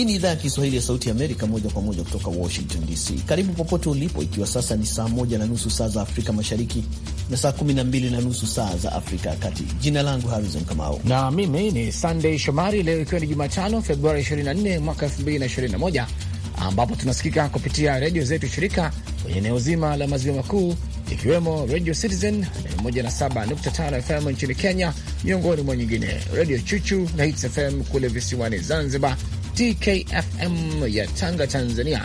Hii ni idhaa ya Kiswahili ya Sauti Amerika, moja kwa moja kutoka Washington DC. Karibu popote ulipo, ikiwa sasa ni saa moja na nusu saa za Afrika Mashariki na saa kumi na mbili na nusu saa za Afrika ya Kati. Jina langu Harrison Kamau na mimi ni sandey Shomari. Leo ikiwa ni Jumatano, Februari 24 mwaka 2021 ambapo tunasikika kupitia redio zetu shirika kwenye eneo zima la maziwa makuu ikiwemo Radio Citizen 107.5 FM nchini Kenya, miongoni mwa nyingine, Radio Chuchu na Hits FM kule visiwani Zanzibar TKFM ya Tanga, Tanzania.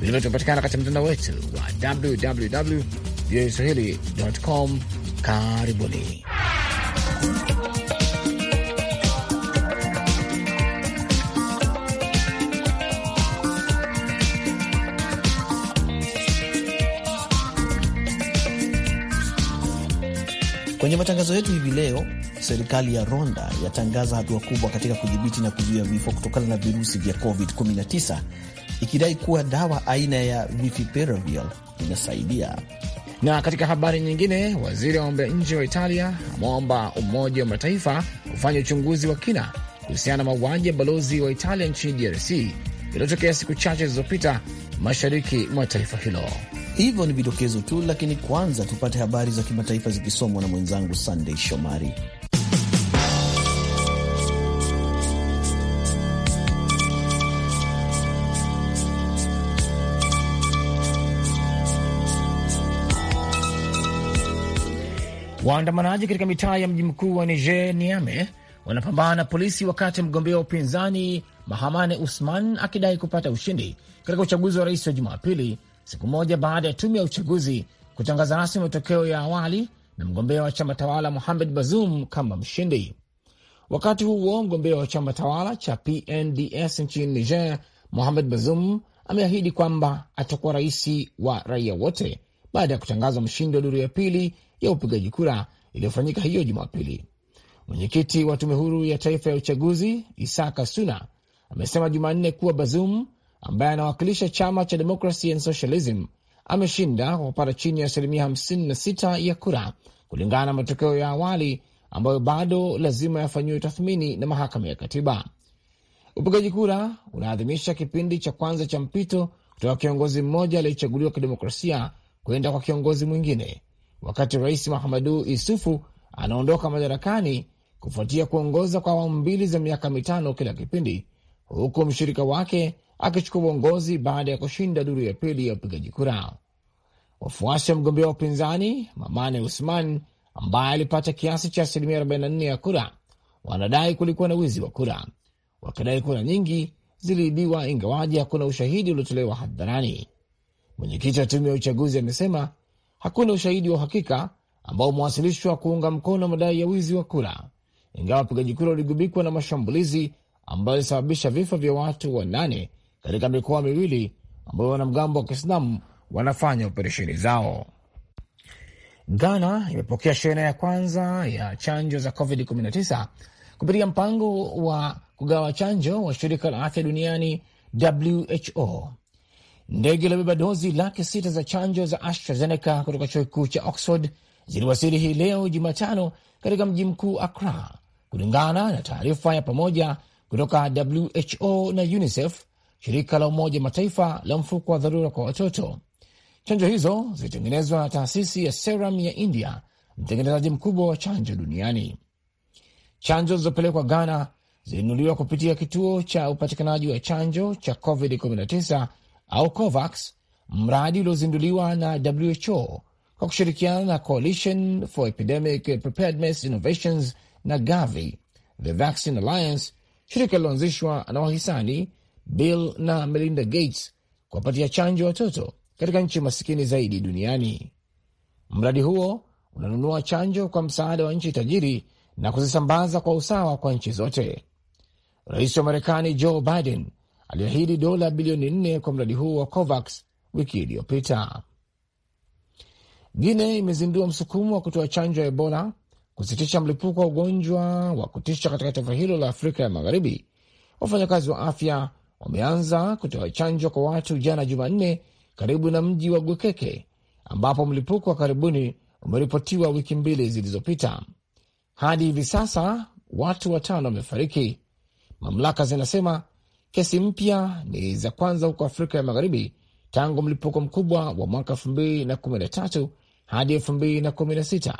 Vilevile tunapatikana katika mtandao wetu wa www voaswahili com. Karibuni. Kwenye matangazo yetu hivi leo serikali ya Rwanda yatangaza hatua kubwa katika kudhibiti na kuzuia vifo kutokana na virusi vya COVID-19 ikidai kuwa dawa aina ya vipiravir inasaidia. Na katika habari nyingine, waziri wa mambo ya nje wa Italia ameomba Umoja wa Mataifa kufanya uchunguzi wa kina kuhusiana na mauaji ya balozi wa Italia nchini DRC iliotokea siku chache zilizopita mashariki mwa taifa hilo. Hivyo ni vidokezo tu, lakini kwanza tupate habari za kimataifa zikisomwa na mwenzangu Sandey Shomari. Waandamanaji katika mitaa ya mji mkuu wa Niger, Niame, wanapambana na polisi wakati mgombea wa upinzani Mahamane Usman akidai kupata ushindi katika uchaguzi wa rais wa Jumapili, siku moja baada ya tume ya uchaguzi kutangaza rasmi matokeo ya awali na mgombea wa chama tawala Mohamed Bazoum kama mshindi. Wakati huo mgombea wa chama tawala cha PNDS nchini Niger, Mohamed Bazoum ameahidi kwamba atakuwa rais wa raia wote baada ya kutangazwa mshindi wa duru ya pili ya upigaji kura iliyofanyika hiyo Jumapili. Mwenyekiti wa tume huru ya taifa ya uchaguzi Isaka Suna amesema Jumanne kuwa Bazum ambaye anawakilisha chama cha Democracy and Socialism ameshinda kwa kupata chini ya asilimia 56 ya kura kulingana na matokeo ya awali ambayo bado lazima yafanyiwe tathmini na mahakama ya katiba. Upigaji kura unaadhimisha kipindi cha kwanza cha mpito kutoka kiongozi mmoja aliyechaguliwa kidemokrasia kwenda kwa kiongozi mwingine, wakati Rais Mahamadu Isufu anaondoka madarakani kufuatia kuongoza kwa awamu mbili za miaka mitano kila kipindi, huku mshirika wake akichukua uongozi baada ya kushinda duru ya pili ya upigaji kura. Wafuasi wa mgombea wa upinzani Mamane Usman ambaye alipata kiasi cha asilimia 44 ya kura wanadai kulikuwa na wizi wa kura, wakidai kura nyingi ziliibiwa, ingawaji hakuna ushahidi uliotolewa hadharani. Mwenyekiti wa tume ya uchaguzi amesema hakuna ushahidi wa uhakika ambao umewasilishwa kuunga mkono madai ya wizi wa kura, ingawa wapigaji kura waligubikwa na mashambulizi ambayo alisababisha vifo vya watu wanane katika mikoa miwili ambayo wanamgambo wa Kiislamu wanafanya operesheni zao. Ghana imepokea shehena ya kwanza ya chanjo za COVID-19 kupitia mpango wa kugawa chanjo wa shirika la afya duniani WHO. Ndege iliyobeba dozi laki sita za chanjo za AstraZeneca kutoka chuo kikuu cha Oxford ziliwasili hii leo Jumatano katika mji mkuu Accra, kulingana na taarifa ya pamoja kutoka WHO na UNICEF, shirika la Umoja Mataifa la mfuko wa dharura kwa watoto. Chanjo hizo zilitengenezwa na taasisi ya Serum ya India, mtengenezaji mkubwa wa chanjo duniani. Chanjo zilizopelekwa Ghana zilinunuliwa kupitia kituo cha upatikanaji wa chanjo cha COVID-19 au COVAX, mradi uliozinduliwa na WHO kwa kushirikiana na Coalition for Epidemic Preparedness Innovations na Gavi, The Vaccine Alliance, shirika liloanzishwa na wahisani Bill na Melinda Gates kuwapatia chanjo watoto katika nchi masikini zaidi duniani. Mradi huo unanunua chanjo kwa msaada wa nchi tajiri na kuzisambaza kwa usawa kwa nchi zote. Rais wa Marekani Joe Biden aliahidi dola bilioni nne kwa mradi huo wa COVAX wiki iliyopita. Guine imezindua msukumo wa kutoa chanjo ya Ebola kusitisha mlipuko wa ugonjwa wa kutisha katika taifa hilo la Afrika ya Magharibi. Wafanyakazi wa afya wameanza kutoa chanjo kwa watu jana Jumanne, karibu na mji wa Gwekeke ambapo mlipuko wa karibuni umeripotiwa wiki mbili zilizopita. Hadi hivi sasa watu watano wamefariki. Mamlaka zinasema Kesi mpya ni za kwanza huko Afrika ya Magharibi tangu mlipuko mkubwa wa mwaka 2013 hadi 2016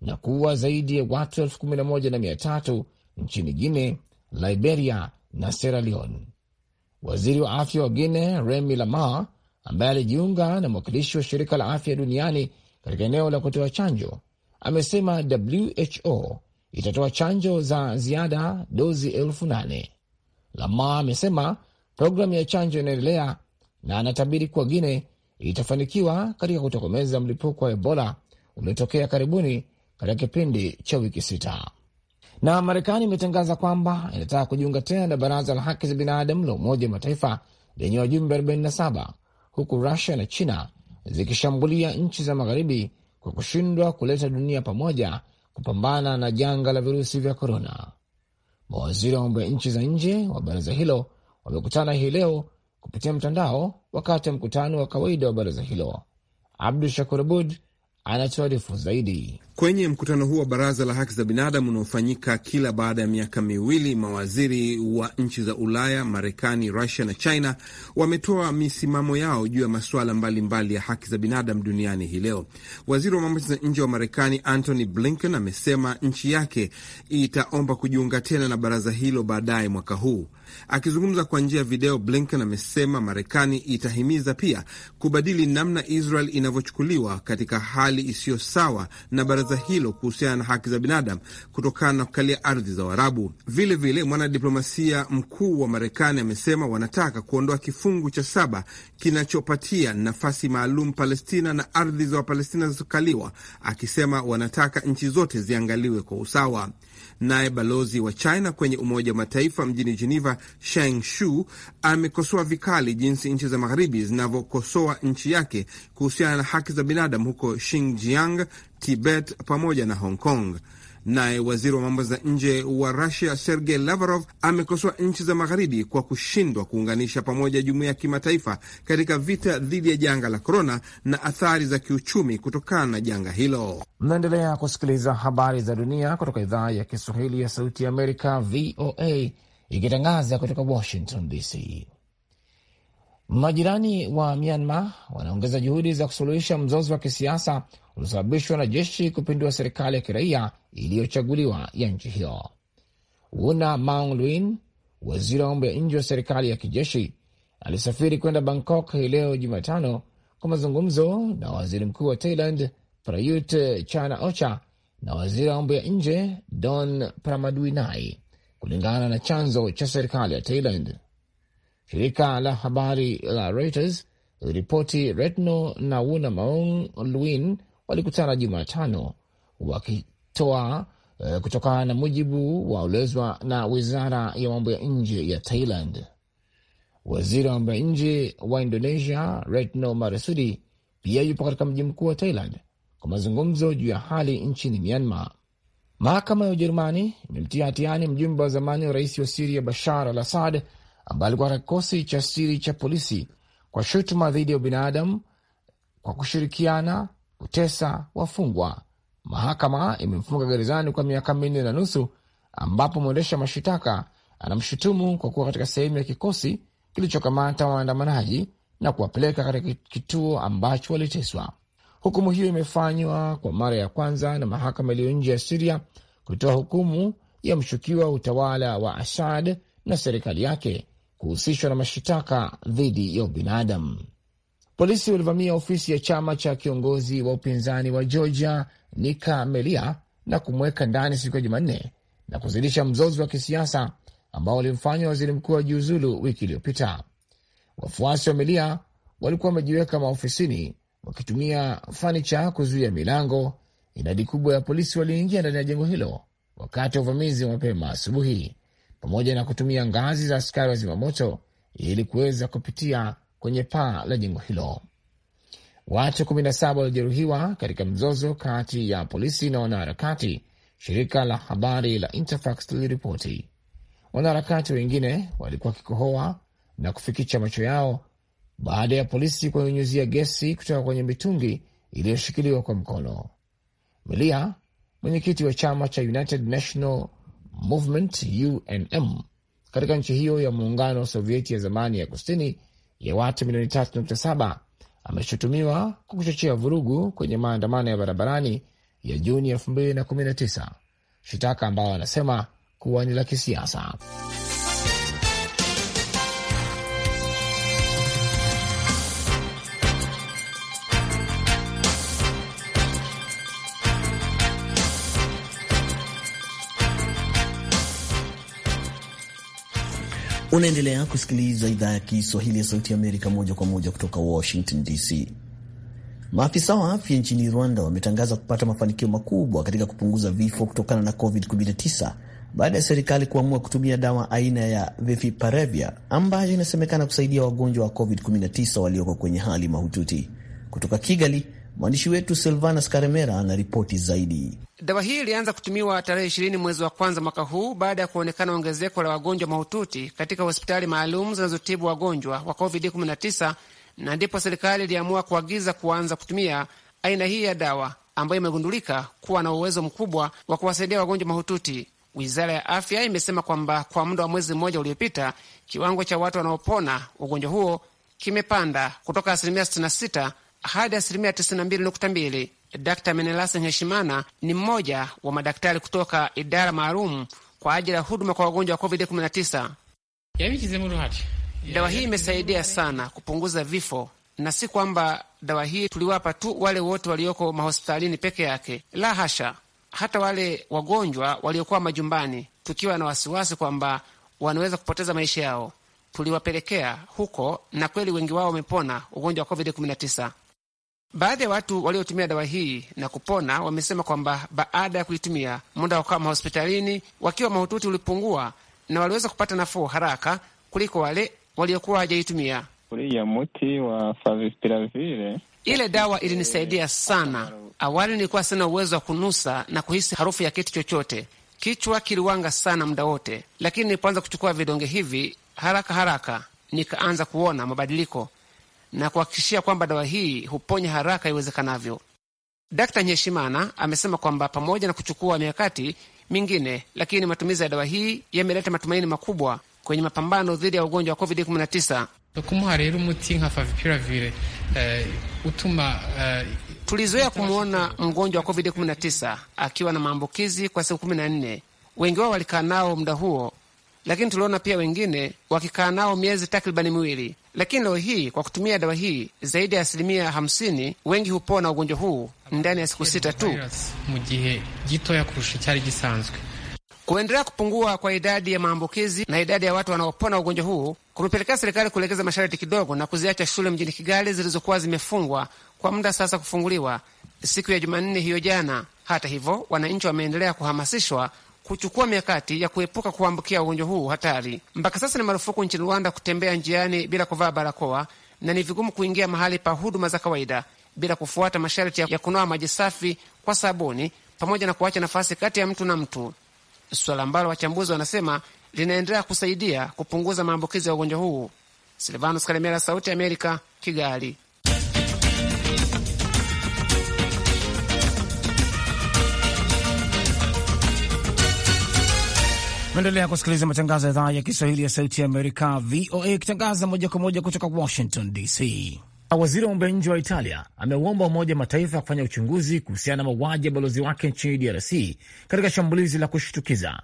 na kuua zaidi ya watu 11,300 nchini Guine, Liberia na Sierra Leone. Waziri wa afya wa Guine, Remi Lama, ambaye alijiunga na mwakilishi wa shirika la afya duniani katika eneo la kutoa chanjo, amesema WHO itatoa chanjo za ziada dozi elfu nane Lama amesema programu ya chanjo inaendelea na anatabiri kuwa guine itafanikiwa katika kutokomeza mlipuko wa Ebola uliotokea karibuni katika kipindi cha wiki sita. Na Marekani imetangaza kwamba inataka kujiunga tena na Baraza la Haki za Binadamu la Umoja wa Mataifa lenye wajumbe 47 huku Rusia na China zikishambulia nchi za magharibi kwa kushindwa kuleta dunia pamoja kupambana na janga la virusi vya korona. Mawaziri wa mambo ya nchi za nje wa baraza hilo wamekutana hii leo kupitia mtandao wakati wa mkutano wa kawaida wa baraza hilo. Abdu Shakur Abud anatuarifu zaidi. Kwenye mkutano huu wa baraza la haki za binadamu unaofanyika kila baada ya miaka miwili, mawaziri wa nchi za Ulaya, Marekani, Rusia na China wametoa misimamo yao juu ya masuala mbalimbali ya haki za binadamu duniani hii leo. Waziri wa mambo za nje wa Marekani Antony Blinken amesema nchi yake itaomba kujiunga tena na baraza hilo baadaye mwaka huu. Akizungumza kwa njia ya video, Blinken amesema Marekani itahimiza pia kubadili namna Israel inavyochukuliwa katika hali hali isiyo sawa na baraza hilo kuhusiana na haki za binadamu kutokana na kukalia ardhi za Waarabu. Vilevile, mwanadiplomasia mkuu wa Marekani amesema wanataka kuondoa kifungu cha saba kinachopatia nafasi maalum Palestina na ardhi za Wapalestina zilizokaliwa, akisema wanataka nchi zote ziangaliwe kwa usawa. Naye balozi wa China kwenye Umoja wa Mataifa mjini Geneva, Shang Shu, amekosoa vikali jinsi nchi za magharibi zinavyokosoa nchi yake kuhusiana na haki za binadamu huko Xinjiang, Tibet pamoja na Hong Kong. Naye waziri wa mambo za nje wa Rusia Sergei Lavarov amekosoa nchi za magharibi kwa kushindwa kuunganisha pamoja jumuiya ya kimataifa katika vita dhidi ya janga la korona na athari za kiuchumi kutokana na janga hilo. Mnaendelea kusikiliza habari za dunia kutoka idhaa ya Kiswahili ya Sauti ya Amerika, VOA, ikitangaza kutoka Washington DC. Majirani wa Myanmar wanaongeza juhudi za kusuluhisha mzozo wa kisiasa uliosababishwa na jeshi kupindua serikali ya kiraia iliyochaguliwa ya nchi hiyo. Wuna Maung Lwin, waziri wa mambo ya nje wa serikali ya kijeshi, alisafiri kwenda Bangkok hii leo Jumatano kwa mazungumzo na waziri mkuu wa Thailand Prayut chan Ocha na waziri wa mambo ya nje Don Pramadwinai, kulingana na chanzo cha serikali ya Thailand. Shirika la habari la Reuters liliripoti Retno na Maung Lwin walikutana Jumatano wakitoa uh, kutokana na mujibu wa ulezwa na wizara ya mambo ya nje ya Thailand. Waziri wa mambo ya nje wa Indonesia Retno Marsudi pia yupo katika mji mkuu wa Thailand kwa mazungumzo juu ya hali nchini Myanmar. Mahakama ya Ujerumani imemtia hatiani mjumbe wa zamani wa rais wa Siria Bashar al Assad ambaye alikuwa katika kikosi cha siri cha polisi kwa shutuma dhidi ya ubinadamu kwa kushirikiana kutesa wafungwa. Mahakama imemfunga gerezani kwa miaka minne na nusu, ambapo mwendesha mashitaka anamshutumu kwa kuwa katika sehemu ya kikosi kilichokamata waandamanaji na kuwapeleka katika kituo ambacho waliteswa. Hukumu hiyo imefanywa kwa mara ya kwanza na mahakama iliyo nje ya Siria kutoa hukumu ya mshukiwa utawala wa Assad na serikali yake kuhusishwa na mashitaka dhidi ya ubinadamu. Polisi walivamia ofisi ya chama cha kiongozi wa upinzani wa Georgia Nika Melia na kumweka ndani siku ya Jumanne na kuzidisha mzozo wa kisiasa ambao walimfanya waziri mkuu wa jiuzulu wiki iliyopita. Wafuasi wa Melia walikuwa wamejiweka maofisini wakitumia fanicha kuzuia milango. Idadi kubwa ya polisi waliingia ndani ya jengo hilo wakati wa uvamizi wa mapema asubuhi pamoja na kutumia ngazi za askari wa zimamoto ili kuweza kupitia kwenye paa la jengo hilo. Watu 17 walijeruhiwa katika mzozo kati ya polisi na wanaharakati, shirika la habari la Interfax liliripoti. Wanaharakati wengine walikuwa wakikohoa na kufikicha macho yao baada ya polisi kuwanyunyuzia gesi kutoka kwenye mitungi iliyoshikiliwa kwa mkono. Milia, mwenyekiti wa chama cha United National Movement UNM katika nchi hiyo ya muungano wa Sovieti ya zamani ya kusini ya watu milioni 3.7 ameshutumiwa kwa kuchochea vurugu kwenye maandamano ya barabarani ya Juni 2019, shitaka ambayo anasema kuwa ni la kisiasa. Unaendelea kusikiliza idhaa ya Kiswahili ya Sauti ya Amerika moja kwa moja kutoka Washington DC. Maafisa wa afya nchini Rwanda wametangaza kupata mafanikio makubwa katika kupunguza vifo kutokana na COVID-19 baada ya serikali kuamua kutumia dawa aina ya Viviparevia ambayo inasemekana kusaidia wagonjwa wa COVID-19 walioko kwenye hali mahututi. Kutoka Kigali, Mwandishi wetu Silvanus Karemera ana ripoti zaidi. Dawa hii ilianza kutumiwa tarehe ishirini mwezi wa kwanza mwaka huu baada ya kuonekana ongezeko la wagonjwa mahututi katika hospitali maalum zinazotibu wagonjwa wa COVID-19 na ndipo serikali iliamua kuagiza kuanza kutumia aina hii ya dawa ambayo imegundulika kuwa na uwezo mkubwa wa kuwasaidia wagonjwa mahututi. Wizara ya afya imesema kwamba kwa muda wa mwezi mmoja uliopita, kiwango cha watu wanaopona ugonjwa huo kimepanda kutoka asilimia 66 hadi asilimia 92.2. Dr menelas Nheshimana ni mmoja wa madaktari kutoka idara maalum kwa ajili ya huduma kwa wagonjwa wa COVID-19. Dawa hii imesaidia sana kupunguza vifo, na si kwamba dawa hii tuliwapa tu wale wote walioko mahospitalini peke yake, la hasha, hata wale wagonjwa waliokuwa majumbani, tukiwa na wasiwasi kwamba wanaweza kupoteza maisha yao, tuliwapelekea huko, na kweli wengi wao wamepona ugonjwa wa COVID-19. Baadhi ya watu waliotumia dawa hii na kupona wamesema kwamba baada ya kuitumia muda wa kama mahospitalini wakiwa mahututi ulipungua na waliweza kupata nafuu haraka kuliko wale waliokuwa hawajaitumia. Ile dawa ilinisaidia sana. Awali nilikuwa sina uwezo wa kunusa na kuhisi harufu ya kitu chochote, kichwa kiliwanga sana muda wote, lakini nilipoanza kuchukua vidonge hivi haraka haraka nikaanza kuona mabadiliko na kuhakikishia kwamba dawa hii huponya haraka iwezekanavyo. Dkt Nyeshimana amesema kwamba pamoja na kuchukua mikakati mingine, lakini matumizi ya dawa hii yameleta matumaini makubwa kwenye mapambano dhidi ya ugonjwa wa COVID-19. Eh, eh, Tulizoea kumwona mgonjwa wa COVID-19 akiwa na maambukizi kwa siku 14. Wengi wao walikaa nao muda huo, lakini tuliona pia wengine wakikaa nao miezi takribani miwili. Lakini leo hii kwa kutumia dawa hii zaidi ya asilimia hamsini wengi hupona ugonjwa huu ndani ya siku sita tu. Kuendelea kupungua kwa idadi ya maambukizi na idadi ya watu wanaopona ugonjwa huu kumepelekea serikali kulegeza masharti kidogo na kuziacha shule mjini Kigali zilizokuwa zimefungwa kwa muda sasa kufunguliwa siku ya Jumanne hiyo jana. Hata hivyo, wananchi wameendelea kuhamasishwa kuchukua mikakati ya kuepuka kuambukia ugonjwa huu hatari. Mpaka sasa ni marufuku nchini Rwanda kutembea njiani bila kuvaa barakoa na ni vigumu kuingia mahali pa huduma za kawaida bila kufuata masharti ya kunawa maji safi kwa sabuni pamoja na kuacha nafasi kati ya mtu na mtu, swala ambalo wachambuzi wanasema linaendelea kusaidia kupunguza maambukizi ya ugonjwa huu. Silvanus Kalemera, Sauti ya Amerika, Kigali. Naendelea kusikiliza matangazo ya idhaa ya Kiswahili ya Sauti ya Amerika, VOA, ikitangaza moja kwa moja kutoka Washington DC. Waziri wa mambo ya nje wa Italia ameuomba Umoja Mataifa kufanya uchunguzi kuhusiana na mauaji ya balozi wake nchini DRC katika shambulizi la kushtukiza.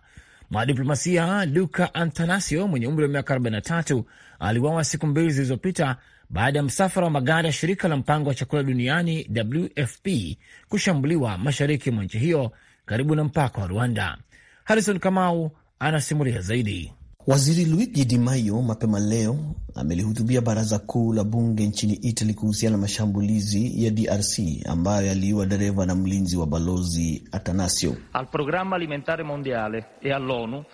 Mwanadiplomasia Luca Antanasio mwenye umri wa miaka 43 aliuawa siku mbili zilizopita baada ya msafara wa magari ya shirika la mpango wa chakula duniani WFP kushambuliwa mashariki mwa nchi hiyo karibu na mpaka wa Rwanda. Harrison Kamau anasimulia zaidi. Waziri Luigi Di Maio mapema leo amelihutubia baraza kuu la bunge nchini Italy kuhusiana na mashambulizi ya DRC ambayo yaliua dereva na mlinzi wa balozi Atanasio. Al programa alimentare mondiale e all'onu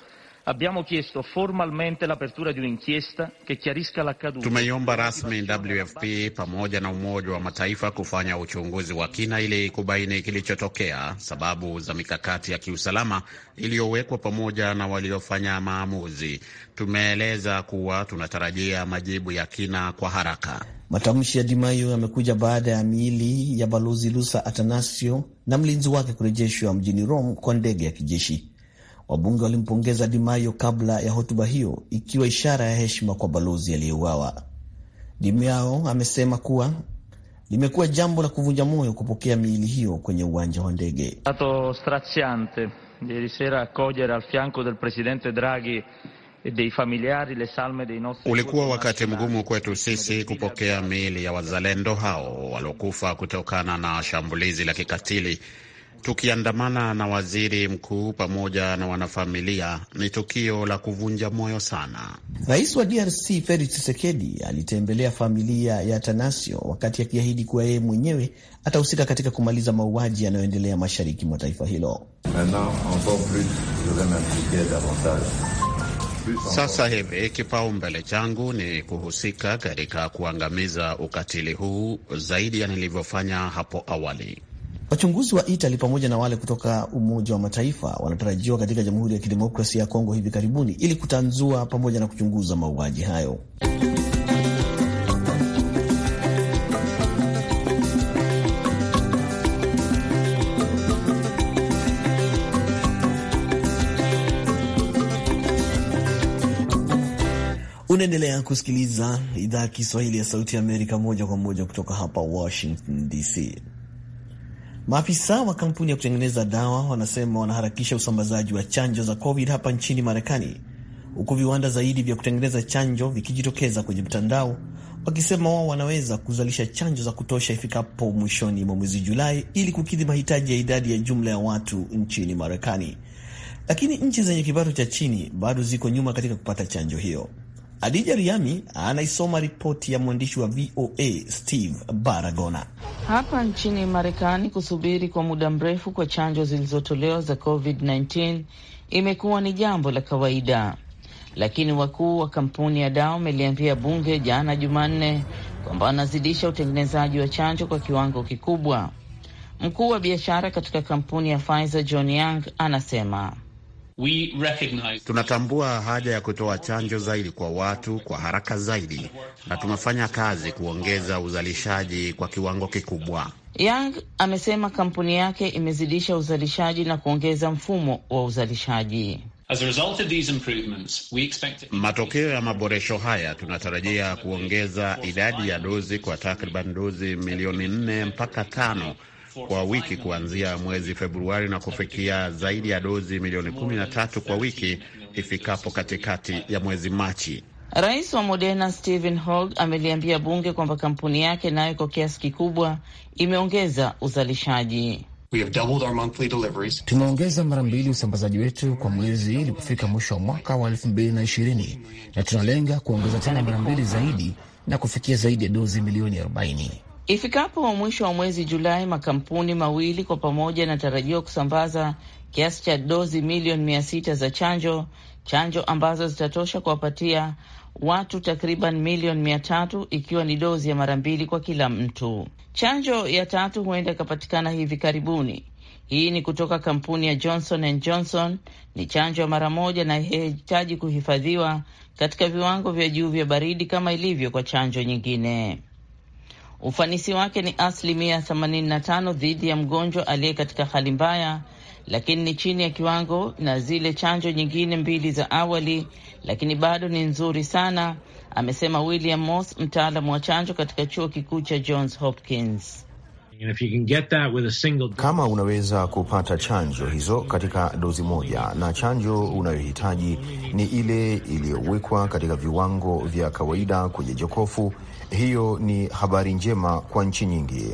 Abbiamo chiesto formalmente l'apertura di un'inchiesta che chiarisca l'accaduto. Tumeiomba rasmi WFP pamoja na Umoja wa Mataifa kufanya uchunguzi wa kina ili kubaini kilichotokea, sababu za mikakati ya kiusalama iliyowekwa pamoja na waliofanya maamuzi. Tumeeleza kuwa tunatarajia majibu ya kina kwa haraka. Matamshi ya Dimayo yamekuja baada ya miili ya balozi Lusa Atanasio na mlinzi wake kurejeshwa mjini Rome kwa ndege ya kijeshi. Wabunge walimpongeza Dimayo kabla ya hotuba hiyo, ikiwa ishara ya heshima kwa balozi aliyeuawa. Dimayo amesema kuwa limekuwa jambo la kuvunja moyo kupokea miili hiyo kwenye uwanja wa ndege. stato straziante ieri sera accogliere al fianco del presidente Draghi Ulikuwa wakati mgumu kwetu sisi kupokea miili ya wazalendo hao waliokufa kutokana na shambulizi la kikatili tukiandamana na waziri mkuu pamoja na wanafamilia. Ni tukio la kuvunja moyo sana. Rais wa DRC Felix Tshisekedi alitembelea familia ya Tanasio wakati akiahidi kuwa yeye mwenyewe atahusika katika kumaliza mauaji yanayoendelea mashariki mwa taifa hilo. Sasa hivi kipaumbele changu ni kuhusika katika kuangamiza ukatili huu zaidi ya nilivyofanya hapo awali. Wachunguzi wa Itali pamoja na wale kutoka Umoja wa Mataifa wanatarajiwa katika Jamhuri ya Kidemokrasia ya Kongo hivi karibuni ili kutanzua pamoja na kuchunguza mauaji hayo. Unaendelea kusikiliza idhaa ya Kiswahili ya Sauti ya Amerika moja kwa moja kutoka hapa Washington DC. Maafisa wa kampuni ya kutengeneza dawa wanasema wanaharakisha usambazaji wa chanjo za COVID hapa nchini Marekani, huku viwanda zaidi vya kutengeneza chanjo vikijitokeza kwenye mtandao wakisema wao wanaweza kuzalisha chanjo za kutosha ifikapo mwishoni mwa mwezi Julai ili kukidhi mahitaji ya idadi ya jumla ya watu nchini Marekani. Lakini nchi zenye kipato cha chini bado ziko nyuma katika kupata chanjo hiyo. Adija Riami anaisoma ripoti ya mwandishi wa VOA Steve Baragona. Hapa nchini Marekani, kusubiri kwa muda mrefu kwa chanjo zilizotolewa za COVID-19 imekuwa ni jambo la kawaida, lakini wakuu wa kampuni ya dawa wameliambia bunge jana Jumanne kwamba wanazidisha utengenezaji wa chanjo kwa kiwango kikubwa. Mkuu wa biashara katika kampuni ya Pfizer John Young anasema recognize... tunatambua haja ya kutoa chanjo zaidi kwa watu kwa haraka zaidi, na tunafanya kazi kuongeza uzalishaji kwa kiwango kikubwa. Yang amesema kampuni yake imezidisha uzalishaji na kuongeza mfumo wa uzalishaji. As a result of these improvements, we expect to... matokeo ya maboresho haya tunatarajia kuongeza idadi ya dozi kwa takriban dozi milioni nne mpaka tano kwa wiki kuanzia mwezi Februari na kufikia zaidi ya dozi milioni kumi na tatu kwa wiki ifikapo katikati ya mwezi Machi. Rais wa Moderna Stephen Hoge ameliambia bunge kwamba kampuni yake nayo kwa kiasi kikubwa imeongeza uzalishaji. Tumeongeza mara mbili usambazaji wetu kwa mwezi ilipofika mwisho wa mwaka wa elfu mbili na ishirini na tunalenga kuongeza tena mara mbili zaidi na kufikia zaidi ya dozi milioni arobaini. Ifikapo mwisho wa mwezi Julai, makampuni mawili kwa pamoja yanatarajiwa kusambaza kiasi cha dozi milioni mia sita za chanjo, chanjo ambazo zitatosha kuwapatia watu takriban milioni mia tatu ikiwa ni dozi ya mara mbili kwa kila mtu. Chanjo ya tatu huenda ikapatikana hivi karibuni. Hii ni kutoka kampuni ya Johnson and Johnson. Ni chanjo ya mara moja na inahitaji kuhifadhiwa katika viwango vya juu vya baridi kama ilivyo kwa chanjo nyingine. Ufanisi wake ni asilimia 85 dhidi ya mgonjwa aliye katika hali mbaya, lakini ni chini ya kiwango na zile chanjo nyingine mbili za awali, lakini bado ni nzuri sana, amesema William Moss, mtaalamu wa chanjo katika chuo kikuu cha Johns Hopkins. Single... kama unaweza kupata chanjo hizo katika dozi moja, na chanjo unayohitaji ni ile iliyowekwa katika viwango vya kawaida kwenye jokofu, hiyo ni habari njema kwa nchi nyingi.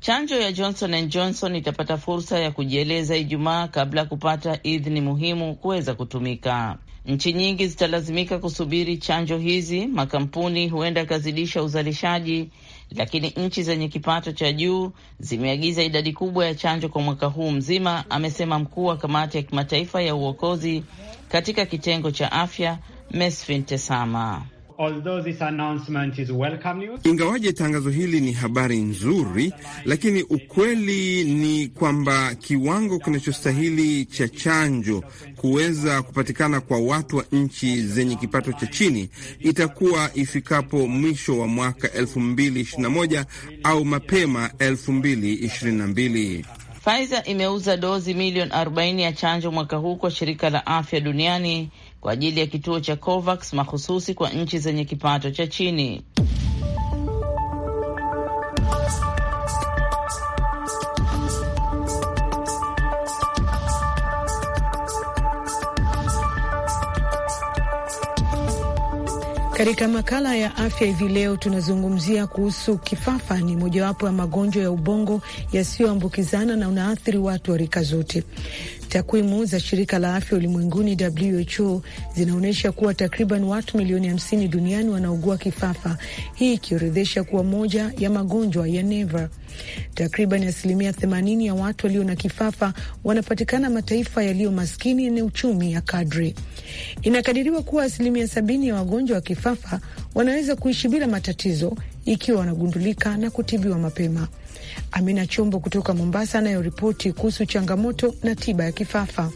Chanjo ya Johnson and Johnson itapata fursa ya kujieleza Ijumaa kabla ya kupata idhini muhimu kuweza kutumika. Nchi nyingi zitalazimika kusubiri chanjo hizi. Makampuni huenda yakazidisha uzalishaji, lakini nchi zenye kipato cha juu zimeagiza idadi kubwa ya chanjo kwa mwaka huu mzima, amesema mkuu wa kamati ya kimataifa ya uokozi katika kitengo cha afya Mesfin Tesama. Although this announcement is welcome news. Ingawaje tangazo hili ni habari nzuri, lakini ukweli ni kwamba kiwango kinachostahili cha chanjo kuweza kupatikana kwa watu wa nchi zenye kipato cha chini itakuwa ifikapo mwisho wa mwaka 2021 au mapema 2022. Pfizer imeuza dozi milioni 40 ya chanjo mwaka huu kwa shirika la afya duniani kwa ajili ya kituo cha COVAX mahususi kwa nchi zenye kipato cha chini. Katika makala ya afya hivi leo tunazungumzia kuhusu kifafa. Ni mojawapo ya magonjwa ya ubongo yasiyoambukizana na unaathiri watu wa rika zote. Takwimu za shirika la afya ulimwenguni WHO zinaonyesha kuwa takriban watu milioni hamsini duniani wanaugua kifafa, hii ikiorodhesha kuwa moja ya magonjwa ya neva. Takriban asilimia themanini ya watu walio na kifafa wanapatikana mataifa yaliyo maskini yenye uchumi ya kadri. Inakadiriwa kuwa asilimia sabini ya wagonjwa wa kifafa kifafa wanaweza kuishi bila matatizo ikiwa wanagundulika na kutibiwa mapema. Amina Chombo kutoka Mombasa anayoripoti kuhusu changamoto na tiba ya kifafa.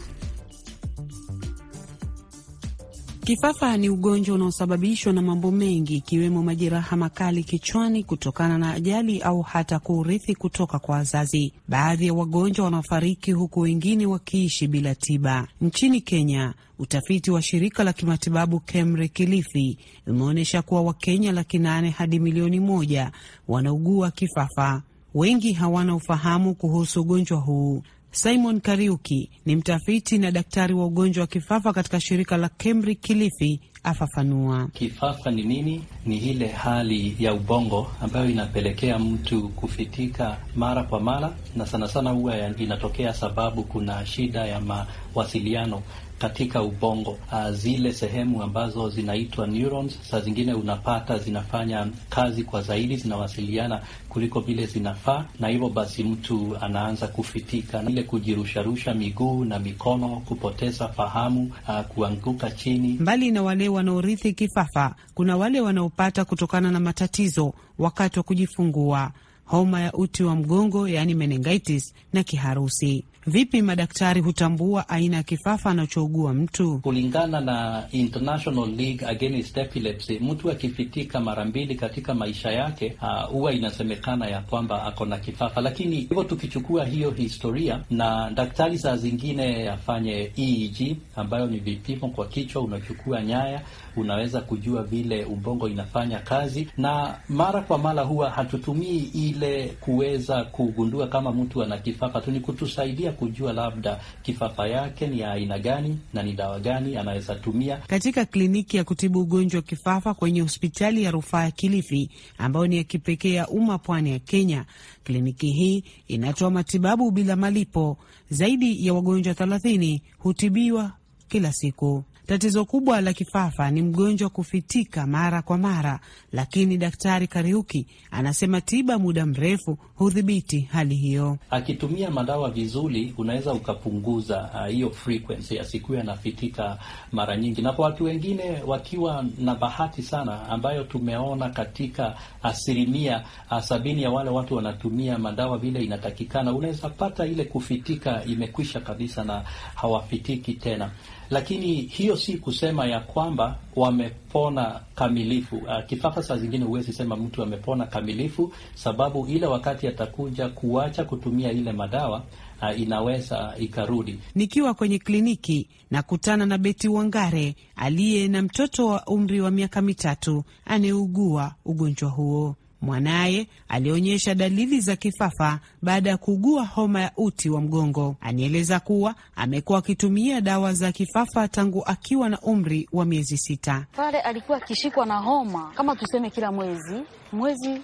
Kifafa ni ugonjwa unaosababishwa na mambo mengi ikiwemo majeraha makali kichwani kutokana na ajali au hata kuurithi kutoka kwa wazazi. Baadhi ya wagonjwa wanafariki huku wengine wakiishi bila tiba. Nchini Kenya, utafiti wa shirika la kimatibabu KEMRI Kilifi umeonyesha kuwa Wakenya laki nane hadi milioni moja wanaugua kifafa. Wengi hawana ufahamu kuhusu ugonjwa huu. Simon Kariuki ni mtafiti na daktari wa ugonjwa wa kifafa katika shirika la KEMRI Kilifi afafanua. Kifafa ni nini? Ni ile hali ya ubongo ambayo inapelekea mtu kufitika mara kwa mara, na sana sana huwa inatokea sababu kuna shida ya mawasiliano katika ubongo. Uh, zile sehemu ambazo zinaitwa neurons saa zingine unapata zinafanya kazi kwa zaidi, zinawasiliana kuliko vile zinafaa, na hivyo basi mtu anaanza kufitika, ile kujirusharusha miguu na mikono, kupoteza fahamu, uh, kuanguka chini. Mbali na wale wanaorithi kifafa, kuna wale wanaopata kutokana na matatizo wakati wa kujifungua, homa ya uti wa mgongo, yaani meningitis na kiharusi. Vipi madaktari hutambua aina ya kifafa anachougua mtu? Kulingana na International League Against Epilepsy, mtu akifitika mara mbili katika maisha yake ah, huwa uh, inasemekana ya kwamba ako na kifafa. Lakini hivyo tukichukua hiyo historia, na daktari saa zingine afanye EEG ambayo ni vipimo kwa kichwa, unachukua nyaya, unaweza kujua vile ubongo inafanya kazi, na mara kwa mara huwa hatutumii ile kuweza kugundua kama mtu ana kifafa tu, ni kutusaidia kujua labda kifafa yake ni ya aina gani na ni dawa gani anaweza tumia. Katika kliniki ya kutibu ugonjwa wa kifafa kwenye hospitali ya rufaa ya Kilifi ambayo ni ya kipekee ya umma pwani ya Kenya, kliniki hii inatoa matibabu bila malipo. Zaidi ya wagonjwa 30 hutibiwa kila siku. Tatizo kubwa la kifafa ni mgonjwa kufitika mara kwa mara, lakini Daktari Kariuki anasema tiba muda mrefu hudhibiti hali hiyo. Akitumia madawa vizuri, unaweza ukapunguza ah, hiyo uh, frequency asikuwe anafitika mara nyingi. Na kwa watu wengine wakiwa na bahati sana, ambayo tumeona katika asilimia uh, sabini ya wale watu wanatumia madawa vile inatakikana, unaweza pata ile kufitika imekwisha kabisa na hawafitiki tena lakini hiyo si kusema ya kwamba wamepona kamilifu. Uh, kifafa saa zingine huwezi sema mtu amepona kamilifu, sababu ile wakati atakuja kuacha kutumia ile madawa uh, inaweza ikarudi. Nikiwa kwenye kliniki nakutana na Beti Wangare aliye na mtoto wa umri wa miaka mitatu anayeugua ugonjwa huo. Mwanaye alionyesha dalili za kifafa baada ya kuugua homa ya uti wa mgongo. Anieleza kuwa amekuwa akitumia dawa za kifafa tangu akiwa na umri wa miezi sita. Pale alikuwa akishikwa na homa kama tuseme kila mwezi mwezi,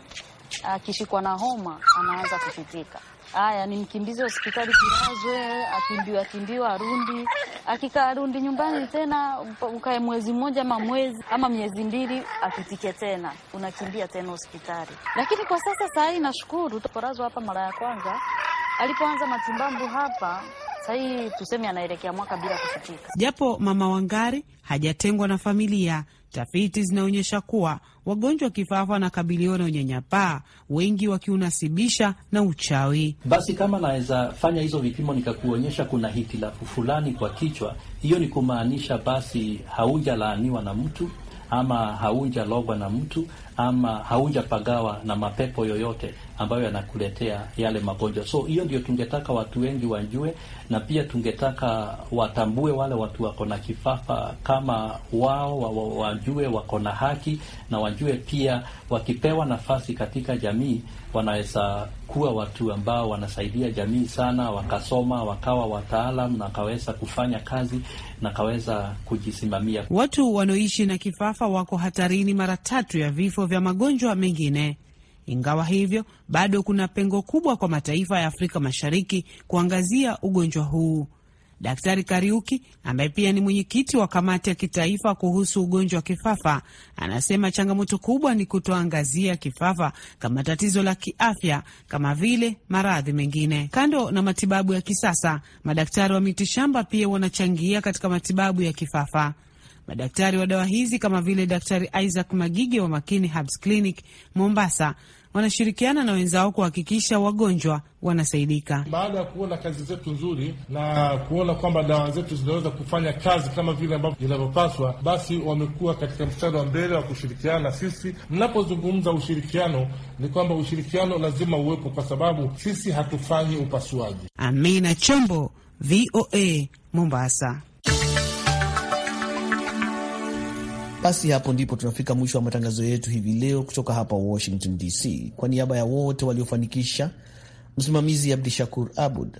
akishikwa na homa anaanza kufitika Haya, ni mkimbizi hospitali, kilazwe, akimbiwa akimbiwa arundi, akikaa arundi nyumbani tena, ukae mwezi mmoja ama mwezi ama miezi mbili, akitike tena unakimbia tena hospitali. Lakini kwa sasa saa hii nashukuru, porazwa hapa mara ya kwanza alipoanza matibabu hapa sahii tuseme anaelekea mwaka bila kufikika. Japo mama Wangari hajatengwa na familia, tafiti zinaonyesha kuwa Wagonjwa wa kifafa wanakabiliwa na unyanyapaa, wengi wakiunasibisha na uchawi. Basi kama naweza fanya hizo vipimo nikakuonyesha kuna hitilafu fulani kwa kichwa, hiyo ni kumaanisha basi haujalaaniwa na mtu ama haujalogwa na mtu ama haujapagawa na mapepo yoyote ambayo yanakuletea yale magonjwa. So hiyo ndio tungetaka watu wengi wajue, na pia tungetaka watambue wale watu wako na kifafa kama wao wa, wa, wajue wako na haki na wajue pia, wakipewa nafasi katika jamii wanaweza kuwa watu ambao wanasaidia jamii sana, wakasoma wakawa wataalam na wakaweza kufanya kazi na wakaweza kujisimamia. Watu wanaoishi na kifafa wako hatarini mara tatu ya vifo vya magonjwa mengine. Ingawa hivyo, bado kuna pengo kubwa kwa mataifa ya Afrika Mashariki kuangazia ugonjwa huu. Daktari Kariuki ambaye pia ni mwenyekiti wa kamati ya kitaifa kuhusu ugonjwa wa kifafa anasema changamoto kubwa ni kutoangazia kifafa kama tatizo la kiafya kama vile maradhi mengine. Kando na matibabu ya kisasa, madaktari wa mitishamba pia wanachangia katika matibabu ya kifafa. Madaktari wa dawa hizi kama vile Daktari Isaac Magige wa Makini Herbs Clinic Mombasa wanashirikiana na wenzao kuhakikisha wagonjwa wanasaidika. Baada ya kuona kazi zetu nzuri na kuona kwamba dawa zetu zinaweza kufanya kazi kama vile ambavyo inavyopaswa, basi wamekuwa katika mstari wa mbele wa kushirikiana na sisi. Mnapozungumza ushirikiano, ni kwamba ushirikiano lazima uwepo, kwa sababu sisi hatufanyi upasuaji. Amina Chombo, VOA, Mombasa. Basi hapo ndipo tunafika mwisho wa matangazo yetu hivi leo kutoka hapa Washington DC. Kwa niaba ya wote waliofanikisha, msimamizi Abdi Shakur Abud,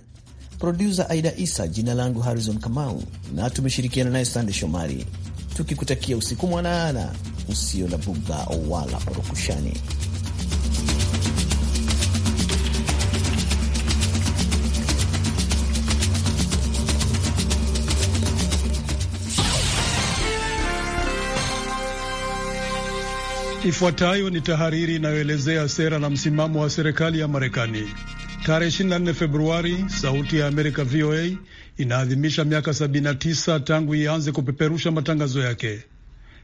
produsa Aida Isa, jina langu Harrison Kamau na tumeshirikiana naye Sande Shomari, tukikutakia usiku mwanana usio na buga wala porukushani. Ifuatayo ni tahariri inayoelezea sera na msimamo wa serikali ya Marekani. Tarehe 24 Februari, Sauti ya Amerika VOA inaadhimisha miaka 79 tangu ianze kupeperusha matangazo yake.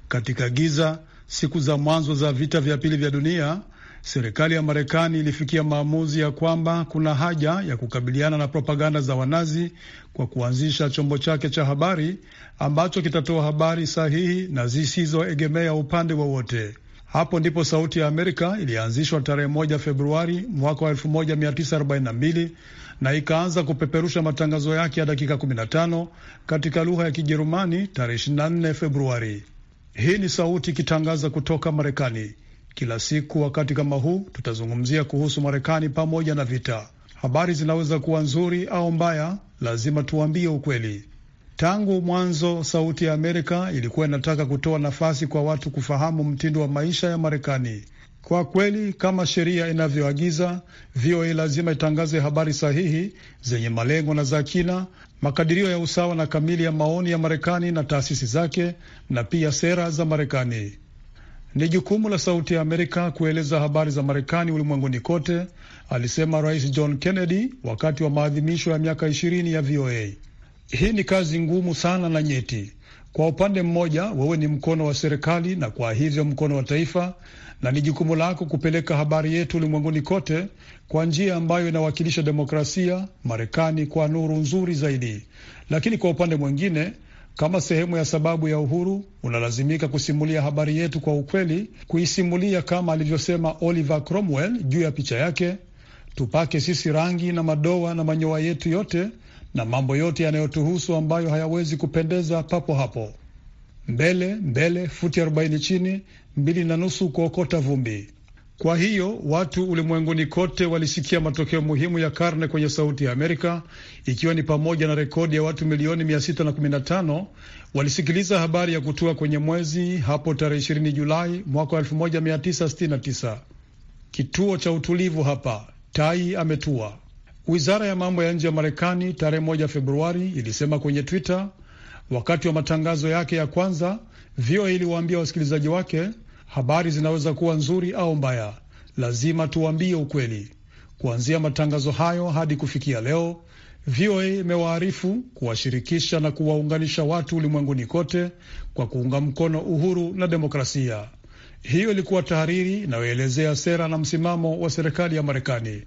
Katika giza, siku za mwanzo za vita vya pili vya dunia, serikali ya Marekani ilifikia maamuzi ya kwamba kuna haja ya kukabiliana na propaganda za Wanazi kwa kuanzisha chombo chake cha habari ambacho kitatoa habari sahihi na zisizoegemea upande wowote. Hapo ndipo Sauti ya Amerika ilianzishwa tarehe moja Februari mwaka wa 1942 na ikaanza kupeperusha matangazo yake ya dakika 15 katika lugha ya Kijerumani tarehe 24 Februari. Hii ni Sauti ikitangaza kutoka Marekani. Kila siku wakati kama huu tutazungumzia kuhusu Marekani pamoja na vita. Habari zinaweza kuwa nzuri au mbaya, lazima tuambie ukweli. Tangu mwanzo Sauti ya Amerika ilikuwa inataka kutoa nafasi kwa watu kufahamu mtindo wa maisha ya Marekani. Kwa kweli, kama sheria inavyoagiza, VOA lazima itangaze habari sahihi zenye malengo na za kina, makadirio ya usawa na kamili ya maoni ya Marekani na taasisi zake na pia sera za Marekani. Ni jukumu la Sauti ya Amerika kueleza habari za Marekani ulimwenguni kote, alisema Rais John Kennedy wakati wa maadhimisho ya miaka ishirini ya VOA. Hii ni kazi ngumu sana na nyeti. Kwa upande mmoja, wewe ni mkono wa serikali na kwa hivyo mkono wa taifa, na ni jukumu lako kupeleka habari yetu ulimwenguni kote kwa njia ambayo inawakilisha demokrasia Marekani kwa nuru nzuri zaidi. Lakini kwa upande mwingine kama sehemu ya sababu ya uhuru unalazimika kusimulia habari yetu kwa ukweli, kuisimulia kama alivyosema Oliver Cromwell juu ya picha yake, tupake sisi rangi na madoa na manyoya yetu yote, na mambo yote yanayotuhusu ambayo hayawezi kupendeza papo hapo. Mbele mbele, futi arobaini chini, mbili na nusu kuokota vumbi. Kwa hiyo watu ulimwenguni kote walisikia matokeo muhimu ya karne kwenye Sauti ya Amerika, ikiwa ni pamoja na rekodi ya watu milioni 615 walisikiliza habari ya kutua kwenye mwezi hapo tarehe 20 Julai mwaka 1969. Kituo cha utulivu hapa, tai ametua. Wizara ya mambo ya nje ya Marekani tarehe moja Februari ilisema kwenye Twitter wakati wa matangazo yake ya kwanza, VOA iliwaambia wasikilizaji wake, habari zinaweza kuwa nzuri au mbaya, lazima tuwaambie ukweli. Kuanzia matangazo hayo hadi kufikia leo, VOA imewaarifu, kuwashirikisha na kuwaunganisha watu ulimwenguni kote kwa kuunga mkono uhuru na demokrasia. Hiyo ilikuwa tahariri inayoelezea sera na msimamo wa serikali ya Marekani.